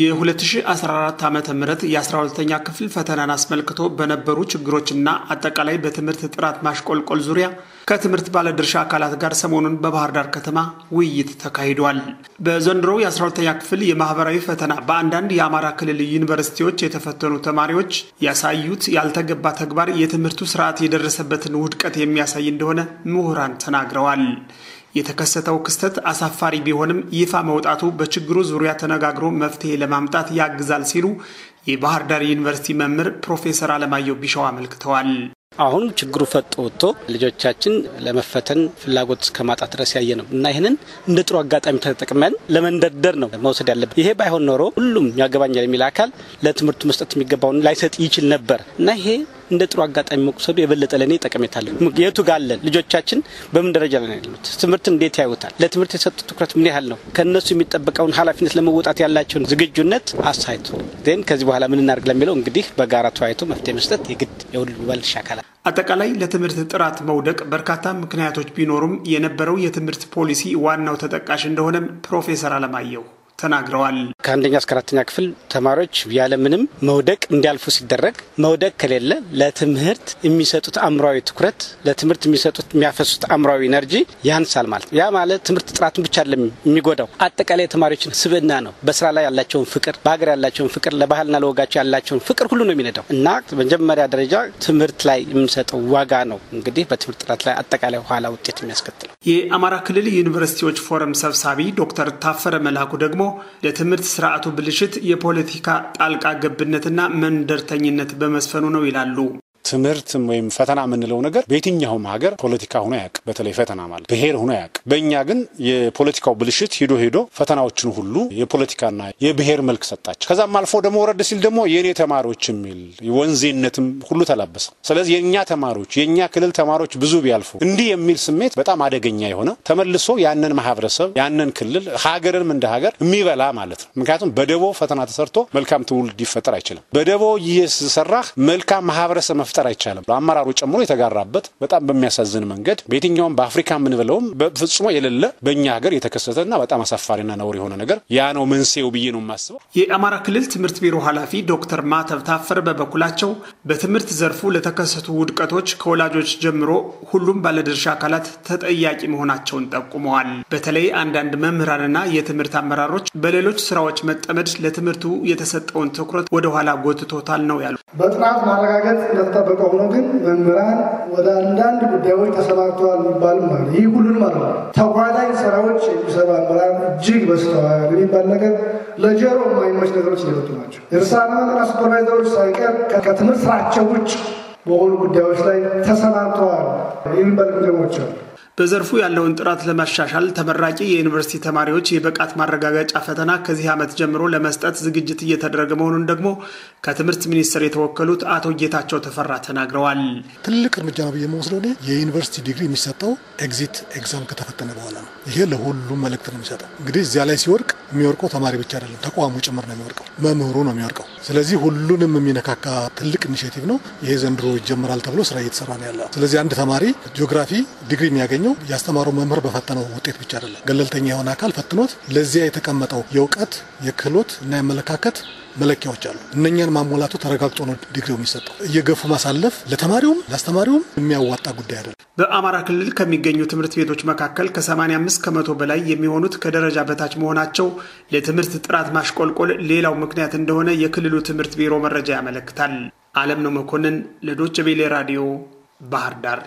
የ2014 ዓ ም የ12ኛ ክፍል ፈተናን አስመልክቶ በነበሩ ችግሮችና አጠቃላይ በትምህርት ጥራት ማሽቆልቆል ዙሪያ ከትምህርት ባለድርሻ አካላት ጋር ሰሞኑን በባህር ዳር ከተማ ውይይት ተካሂዷል። በዘንድሮው የ12ኛ ክፍል የማህበራዊ ፈተና በአንዳንድ የአማራ ክልል ዩኒቨርሲቲዎች የተፈተኑ ተማሪዎች ያሳዩት ያልተገባ ተግባር የትምህርቱ ስርዓት የደረሰበትን ውድቀት የሚያሳይ እንደሆነ ምሁራን ተናግረዋል። የተከሰተው ክስተት አሳፋሪ ቢሆንም ይፋ መውጣቱ በችግሩ ዙሪያ ተነጋግሮ መፍትሄ ለማምጣት ያግዛል ሲሉ የባህር ዳር ዩኒቨርሲቲ መምህር ፕሮፌሰር አለማየሁ ቢሻው አመልክተዋል። አሁን ችግሩ ፈጥ ወጥቶ ልጆቻችን ለመፈተን ፍላጎት እስከ ማጣት ድረስ ያየ ነው እና ይህንን እንደ ጥሩ አጋጣሚ ተጠቅመን ለመንደርደር ነው መውሰድ ያለብን። ይሄ ባይሆን ኖሮ ሁሉም ያገባኛል የሚል አካል ለትምህርቱ መስጠት የሚገባውን ላይሰጥ ይችል ነበር እና ይሄ እንደ ጥሩ አጋጣሚ መቁሰዱ የበለጠ ለእኔ ጠቀሜታ አለ። የቱ ጋለን ልጆቻችን በምን ደረጃ ላይ ያሉት ትምህርት እንዴት ያዩታል? ለትምህርት የሰጡት ትኩረት ምን ያህል ነው? ከእነሱ የሚጠበቀውን ኃላፊነት ለመወጣት ያላቸውን ዝግጁነት አሳይቶ ዜን ከዚህ በኋላ ምን እናድርግ ለሚለው እንግዲህ በጋራ ተወያይቶ መፍትሄ መስጠት የግድ የሁሉ ባለድርሻ አካላት አጠቃላይ ለትምህርት ጥራት መውደቅ በርካታ ምክንያቶች ቢኖሩም የነበረው የትምህርት ፖሊሲ ዋናው ተጠቃሽ እንደሆነም ፕሮፌሰር አለማየሁ ተናግረዋል። ከአንደኛ እስከ አራተኛ ክፍል ተማሪዎች ያለምንም መውደቅ እንዲያልፉ ሲደረግ መውደቅ ከሌለ ለትምህርት የሚሰጡት አእምሯዊ ትኩረት ለትምህርት የሚሰጡት የሚያፈሱት አእምሯዊ ኢነርጂ ያንሳል ማለት ያ ማለት ትምህርት ጥራትን ብቻ አይደለም የሚጎዳው አጠቃላይ የተማሪዎችን ስብዕና ነው። በስራ ላይ ያላቸውን ፍቅር፣ በሀገር ያላቸውን ፍቅር፣ ለባህልና ለወጋቸው ያላቸውን ፍቅር ሁሉ ነው የሚነዳው እና መጀመሪያ ደረጃ ትምህርት ላይ የምንሰጠው ዋጋ ነው እንግዲህ በትምህርት ጥራት ላይ አጠቃላይ ኋላ ውጤት የሚያስከትለው። የአማራ ክልል ዩኒቨርሲቲዎች ፎረም ሰብሳቢ ዶክተር ታፈረ መላኩ ደግሞ ለትምህርት ስርዓቱ ብልሽት የፖለቲካ ጣልቃ ገብነትና መንደርተኝነት በመስፈኑ ነው ይላሉ። ትምህርትም ወይም ፈተና የምንለው ነገር በየትኛውም ሀገር ፖለቲካ ሆኖ ያውቅ፣ በተለይ ፈተና ማለት ብሄር ሆኖ ያውቅ። በእኛ ግን የፖለቲካው ብልሽት ሂዶ ሂዶ ፈተናዎችን ሁሉ የፖለቲካና የብሔር መልክ ሰጣቸው። ከዛም አልፎ ደግሞ ወረድ ሲል ደግሞ የእኔ ተማሪዎች የሚል ወንዜነትም ሁሉ ተላበሰ። ስለዚህ የእኛ ተማሪዎች የእኛ ክልል ተማሪዎች ብዙ ቢያልፉ እንዲህ የሚል ስሜት በጣም አደገኛ የሆነ ተመልሶ ያንን ማህበረሰብ ያንን ክልል ሀገርንም እንደ ሀገር የሚበላ ማለት ነው። ምክንያቱም በደቦ ፈተና ተሰርቶ መልካም ትውልድ ሊፈጠር አይችልም። በደቦ እየሰራህ መልካም ማህበረሰብ መፍጠር መፍጠር አይቻልም። አመራሩ ጨምሮ የተጋራበት በጣም በሚያሳዝን መንገድ በየትኛውም በአፍሪካ የምንበለውም በፍጹሞ የሌለ በእኛ ሀገር የተከሰተና በጣም አሳፋሪና ነውር የሆነ ነገር ያ ነው መንስኤው ብዬ ነው የማስበው። የአማራ ክልል ትምህርት ቢሮ ኃላፊ ዶክተር ማተብ ታፈር በበኩላቸው በትምህርት ዘርፉ ለተከሰቱ ውድቀቶች ከወላጆች ጀምሮ ሁሉም ባለድርሻ አካላት ተጠያቂ መሆናቸውን ጠቁመዋል። በተለይ አንዳንድ መምህራንና የትምህርት አመራሮች በሌሎች ስራዎች መጠመድ ለትምህርቱ የተሰጠውን ትኩረት ወደኋላ ጎትቶታል ነው ያሉ በጥናት ማረጋገጥ እንደተጠበቀ ሆኖ ግን መምህራን ወደ አንዳንድ ጉዳዮች ተሰማርተዋል የሚባልም አለ። ይህ ሁሉንም አለ። ተጓዳኝ ስራዎች የሚሰሩ መምህራን እጅግ በስተዋል የሚባል ነገር ለጀሮ የማይመች ነገሮች እየመጡ ናቸው። እርሳና ሱፐርቫይዘሮች ሳይቀር ከትምህርት ስራቸው ውጭ በሆኑ ጉዳዮች ላይ ተሰማርተዋል የሚባል ግምገማዎች አሉ። በዘርፉ ያለውን ጥራት ለማሻሻል ተመራቂ የዩኒቨርሲቲ ተማሪዎች የብቃት ማረጋገጫ ፈተና ከዚህ ዓመት ጀምሮ ለመስጠት ዝግጅት እየተደረገ መሆኑን ደግሞ ከትምህርት ሚኒስቴር የተወከሉት አቶ ጌታቸው ተፈራ ተናግረዋል። ትልቅ እርምጃ ነው ብዬ መወስደው የዩኒቨርሲቲ ዲግሪ የሚሰጠው ኤግዚት ኤግዛም ከተፈተነ በኋላ ነው። ይሄ ለሁሉም መልእክት ነው የሚሰጠው። እንግዲህ እዚያ ላይ ሲወድቅ የሚወርቀው ተማሪ ብቻ አይደለም፣ ተቋሙ ጭምር ነው የሚወርቀው፣ መምህሩ ነው የሚወርቀው። ስለዚህ ሁሉንም የሚነካካ ትልቅ ኢኒሽቲቭ ነው። ይሄ ዘንድሮ ይጀምራል ተብሎ ስራ እየተሰራ ነው ያለ። ስለዚህ አንድ ተማሪ ጂኦግራፊ ዲግሪ የሚያገኘው ያስተማረው መምህር በፈተነው ውጤት ብቻ አይደለም፣ ገለልተኛ የሆነ አካል ፈትኖት ለዚያ የተቀመጠው የእውቀት የክህሎት እና የአመለካከት መለኪያዎች አሉ። እነኛን ማሟላቱ ተረጋግጦ ነው ዲግሪው የሚሰጠው። እየገፉ ማሳለፍ ለተማሪውም ለአስተማሪውም የሚያዋጣ ጉዳይ አይደለም። በአማራ ክልል ከሚገኙ ትምህርት ቤቶች መካከል ከ85 ከመቶ በላይ የሚሆኑት ከደረጃ በታች መሆናቸው ለትምህርት ጥራት ማሽቆልቆል ሌላው ምክንያት እንደሆነ የክልሉ ትምህርት ቢሮ መረጃ ያመለክታል። አለም ነው መኮንን ለዶች ቤሌ ራዲዮ ባህር ዳር